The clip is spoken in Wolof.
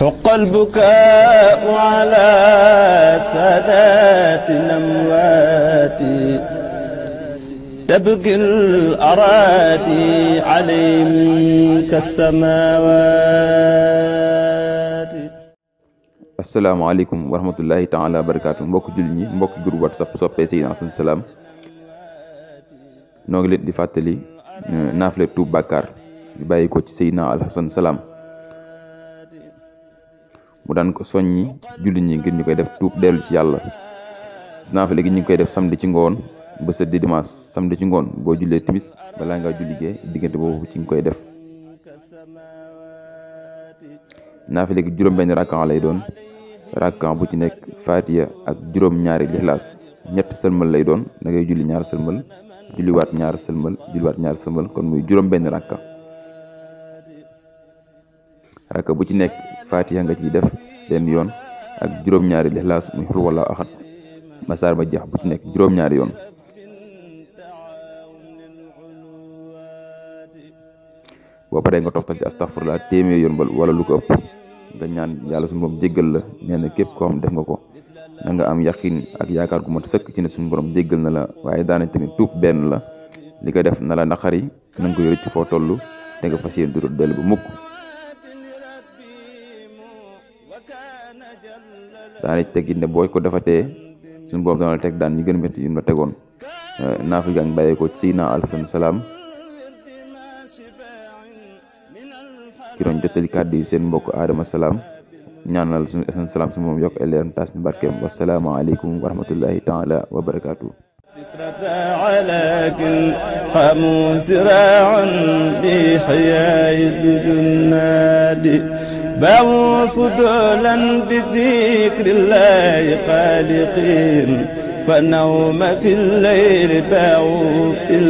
حق البكاء على سادات الأموات تبكي الأراضي عليهم كالسماوات السلام عليكم ورحمة الله تعالى وبركاته مبوك جلني مبوك جروب واتساب سوبي سيدنا صلى الله عليه وسلم noo ngi leen di fàttali naafile tuub bàkkaar di mu daan ko soññi julli ñi ngir ñu koy def tuub dellu ci yàlla naafile gi ñu ngi koy def samedi ci ngoon ba sëdd dimanche samedi ci ngoon boo jullee timis balaa ngaa julli gee diggante boobu ci nga koy def naafile gi juróom benn rakkan lay doon rakkan bu ci nekk fatiya ak juróom ñaari lixlaas ñett sëlmal lay doon da ngay julli ñaar sëlmal julliwaat ñaar sëlmal julliwaat ñaar sëlmal kon muy juróom benn rakkan raka bu ci nekk fatiha nga ci def benn yoon ak juróom-ñaari lixlaas muy xul wala axat ba saar ba jeex bu ci nekk juróom-ñaari yoon boo paree nga toftal ci astaghfirullah téeméer yoon wala lu ko ëpp nga ñaan yàlla suñu borom jéggal la nee na képp koo def nga ko na nga am yakin ak yaakaar gu mat sëkk ci ne suñu borom jéggal na la waaye daana tamit tuub benn la li ko def na la naqari na nga ko yore ci foo toll te nga fas yéene du dellu mukk daana ci teggit ne boo ko defatee suñu boobu dana la teg daan ñu gën a métti yim la tegoon euh, naafi gaa ngi ko ci na alsan salaam ki doon jottali kàddu yi seen mbokk aadama salaam ñaanal suñu asan salaam wa rahmatullahi taala wa barakaatu لكن قاموا سراعا بحياة الجناد بوفدولا بذكر الله خالقين فنوم في الليل باوف